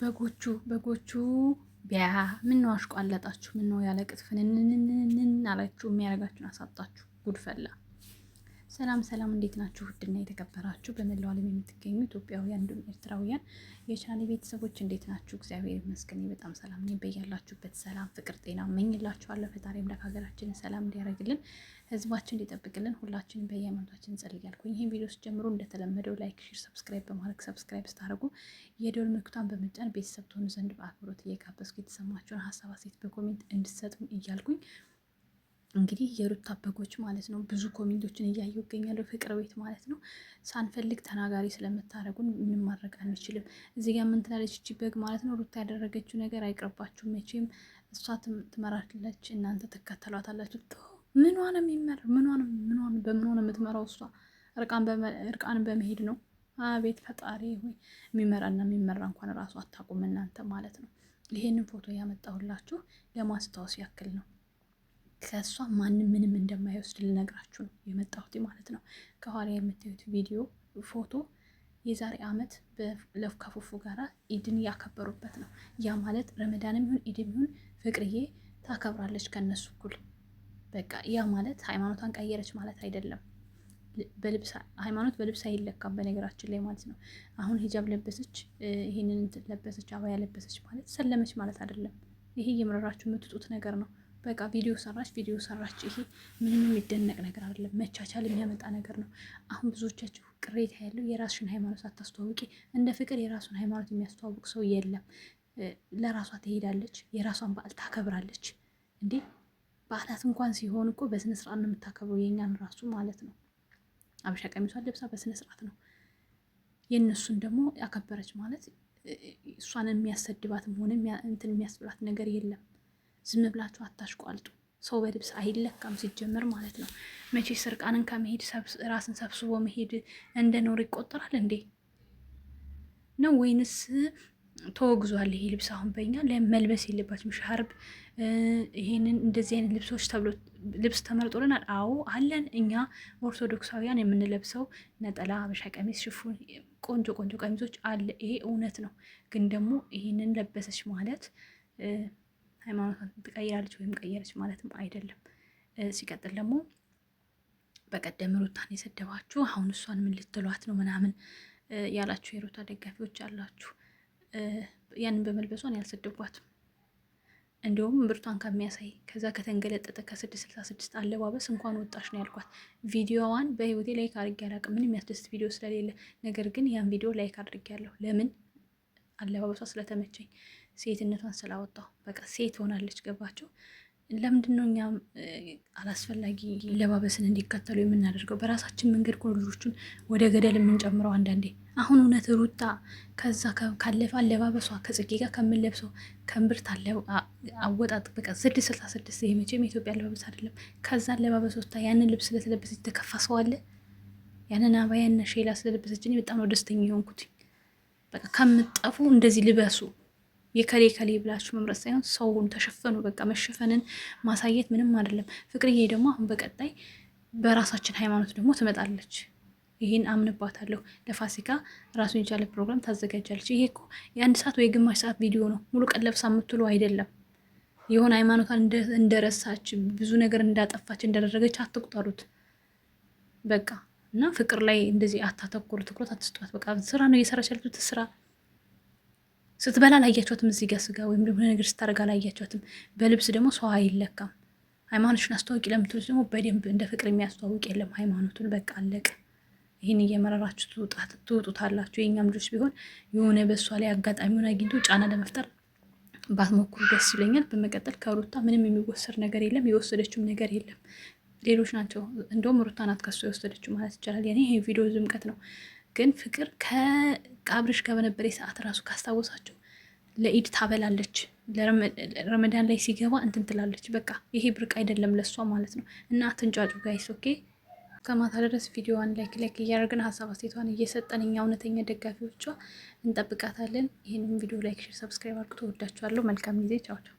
በጎቹ በጎቹ ቢያ ምን ነው አሽቋለጣችሁ? ምን ነው ያለ ቅጥፍንንንንን አላችሁ የሚያደርጋችሁን አሳጣችሁ ጉድፈላ ሰላም ሰላም፣ እንዴት ናችሁ? ውድና የተከበራችሁ በመላው ዓለም የምትገኙ ኢትዮጵያውያን እንዲሁም ኤርትራውያን የቻኔ ቤተሰቦች እንዴት ናችሁ? እግዚአብሔር ይመስገን በጣም ሰላም ነኝ። በያላችሁበት ሰላም፣ ፍቅር፣ ጤና እመኝላችኋለሁ። ፈጣሪ አምላክ ሀገራችን ሰላም እንዲያደርግልን፣ ህዝባችን እንዲጠብቅልን ሁላችንም በየሃይማኖታችን እንጸልያልኩኝ። ይህን ቪዲዮ ስጀምሮ እንደተለመደው ላይክ፣ ሼር፣ ሰብስክራይብ በማድረግ ሰብስክራይብ ስታደርጉ የደወል ምልክቷን በመጫን ቤተሰብ ትሆኑ ዘንድ በአክብሮት እየጋበዝኩ የተሰማችሁን ሀሳብ አስተያየት በኮሜንት እንድትሰጡን እያልኩኝ እንግዲህ የሩታ በጎች ማለት ነው። ብዙ ኮሜንቶችን እያየሁ ይገኛለሁ። ፍቅር ቤት ማለት ነው። ሳንፈልግ ተናጋሪ ስለምታደርጉን ምንም ማድረግ አንችልም። እዚህ ጋር ምን ትላለች እቺ በግ ማለት ነው? ሩታ ያደረገችው ነገር አይቅርባችሁ መቼም። እሷ ትመራለች፣ እናንተ ትከተሏታላችሁ። ምኗ ነው የሚመር? በምኗ ነው የምትመራው? እሷ እርቃን በመሄድ ነው። አቤት ፈጣሪ ሆይ! የሚመራና የሚመራ እንኳን ራሱ አታቁም እናንተ ማለት ነው። ይሄንን ፎቶ ያመጣሁላችሁ ለማስታወስ ያክል ነው። ከእሷ ማንም ምንም እንደማይወስድ ልነግራችሁ ነው የመጣሁት ማለት ነው። ከኋላ የምታዩት ቪዲዮ ፎቶ የዛሬ ዓመት ከፉፉ ጋራ ኢድን ያከበሩበት ነው። ያ ማለት ረመዳንም ይሁን ኢድም ይሁን ፍቅርዬ ታከብራለች ከነሱ እኩል። በቃ ያ ማለት ሃይማኖቷን ቀየረች ማለት አይደለም። ሃይማኖት በልብስ አይለካም፣ በነገራችን ላይ ማለት ነው። አሁን ሂጃብ ለበሰች፣ ይህንን ለበሰች፣ አባያ ለበሰች ማለት ሰለመች ማለት አይደለም። ይሄ የምረራችሁ የምትጡት ነገር ነው። በቃ ቪዲዮ ሰራች ቪዲዮ ሰራች። ይሄ ምንም የሚደነቅ ነገር አይደለም፣ መቻቻል የሚያመጣ ነገር ነው። አሁን ብዙዎቻችሁ ቅሬታ ያለው የራስሽን ሃይማኖት አታስተዋውቂ። እንደ ፍቅር የራሱን ሃይማኖት የሚያስተዋውቅ ሰው የለም። ለራሷ ትሄዳለች፣ የራሷን በዓል ታከብራለች። እንዴ በዓላት እንኳን ሲሆን እኮ በስነ ስርዓት ነው የምታከብረው፣ የእኛን ራሱ ማለት ነው። አበሻ ቀሚሷን ለብሳ በስነ ስርዓት ነው። የእነሱን ደግሞ ያከበረች ማለት እሷን የሚያሰድባትም ሆነ እንትን የሚያስብላት ነገር የለም። ዝም ብላችሁ አታሽቋልጡ። ሰው በልብስ አይለካም ሲጀመር ማለት ነው። መቼ ስርቃንን ከመሄድ ራስን ሰብስቦ መሄድ እንደ ኖር ይቆጠራል እንዴ ነው ወይንስ ተወግዟል? ይሄ ልብስ አሁን በኛ መልበስ የለባችም ሻርብ፣ ይሄንን እንደዚህ አይነት ልብሶች ተብሎ ልብስ ተመርጦልናል። አዎ አለን እኛ ኦርቶዶክሳውያን የምንለብሰው ነጠላ፣ ሀበሻ ቀሚስ፣ ሽፉን፣ ቆንጆ ቆንጆ ቀሚሶች አለ። ይሄ እውነት ነው። ግን ደግሞ ይሄንን ለበሰች ማለት ሃይማኖቷን ትቀይራለች ወይም ቀየረች ማለትም አይደለም። ሲቀጥል ደግሞ በቀደም ሩታን የሰደባችሁ አሁን እሷን ምን ልትሏት ነው ምናምን ያላችሁ የሩታ ደጋፊዎች አላችሁ። ያንን በመልበሷን ያልሰደቧትም እንዲሁም ብርቷን ከሚያሳይ ከዛ ከተንገለጠጠ ከስድስት ስልሳ ስድስት አለባበስ እንኳን ወጣሽ ነው ያልኳት። ቪዲዮዋን በህይወቴ ላይክ አድርጌ አላውቅም፣ ምንም ያስደስት ቪዲዮ ስለሌለ። ነገር ግን ያን ቪዲዮ ላይክ ያለሁ ለምን አለባበሷ ስለተመቸኝ ሴትነቷን ስላወጣው በቃ ሴት ሆናለች። ገባቸው። ለምንድን ነው እኛም አላስፈላጊ አለባበስን እንዲከተሉ የምናደርገው? በራሳችን መንገድ ልጆቹን ወደ ገደል የምንጨምረው አንዳንዴ። አሁን እውነት ሩታ ከዛ ካለፈ አለባበሷ ከጽጌ ጋር ከምንለብሰው ከእምብርት አወጣጥ በቃ ስድስት ስልሳ ስድስት ይሄ መቼም የኢትዮጵያ አለባበስ አይደለም። ከዛ አለባበስ ወታ ያንን ልብስ ስለተለበሰች ተከፋ ሰው አለ። ያንን አባያና ሼላ ስለለበሰች በጣም ነው ደስተኛ የሆንኩት። በቃ ከምጠፉ እንደዚህ ልበሱ የከሌ ከሌ ብላችሁ መምረጥ ሳይሆን ሰውን ተሸፈኑ። በቃ መሸፈንን ማሳየት ምንም አይደለም። ፍቅርዬ ደግሞ አሁን በቀጣይ በራሳችን ሃይማኖት ደግሞ ትመጣለች። ይህን አምንባታለሁ። ለፋሲካ ራሱን የቻለ ፕሮግራም ታዘጋጃለች። ይሄ እኮ የአንድ ሰዓት ወይ ግማሽ ሰዓት ቪዲዮ ነው። ሙሉ ቀን ለብሳ የምትሉ አይደለም። የሆነ ሃይማኖቷን እንደረሳች ብዙ ነገር እንዳጠፋች እንዳደረገች አትቁጠሩት በቃ እና ፍቅር ላይ እንደዚህ አታተኩር፣ ትኩረት አትስጧት። በቃ ስራ ነው እየሰራች ያለችው ስራ። ስትበላ ላያቸዋትም፣ እዚህ ጋር ስጋ ወይም ደግሞ ነገር ስታደርግ ላያቸዋትም። በልብስ ደግሞ ሰው አይለካም። ሃይማኖትን አስተዋውቂ ለምትሉት ደግሞ በደንብ እንደ ፍቅር የሚያስተዋውቅ የለም። ሃይማኖቱን በቃ አለቀ። ይህን እየመረራችሁ ትውጡታላችሁ። የእኛም ልጆች ቢሆን የሆነ በእሷ ላይ አጋጣሚውን አግኝቶ ጫና ለመፍጠር ባትሞክሩ ደስ ይለኛል። በመቀጠል ከሩታ ምንም የሚወሰድ ነገር የለም፣ የወሰደችውም ነገር የለም። ሌሎች ናቸው። እንደውም ሩታ ናት ከሱ የወሰደችው ማለት ይቻላል። ያኔ ይሄ ቪዲዮ ዝምቀት ነው፣ ግን ፍቅር ከአብርሽ ጋር በነበረ ሰዓት ራሱ ካስታወሳችሁ ለኢድ ታበላለች፣ ረመዳን ላይ ሲገባ እንትን ትላለች። በቃ ይሄ ብርቅ አይደለም ለእሷ ማለት ነው። እና አትንጫጩ ጋይስ ኦኬ። ከማታ ድረስ ቪዲዮዋን ላይክ ላይክ እያደረግን ሀሳብ አስተያየቷን እየሰጠን እኛ እውነተኛ ደጋፊዎቿ እንጠብቃታለን። ይህንም ቪዲዮ ላይክ፣ ሼር፣ ሰብስክራይብ አድርጉ። ተወዳችኋለሁ። መልካም ጊዜ። ቻውቻው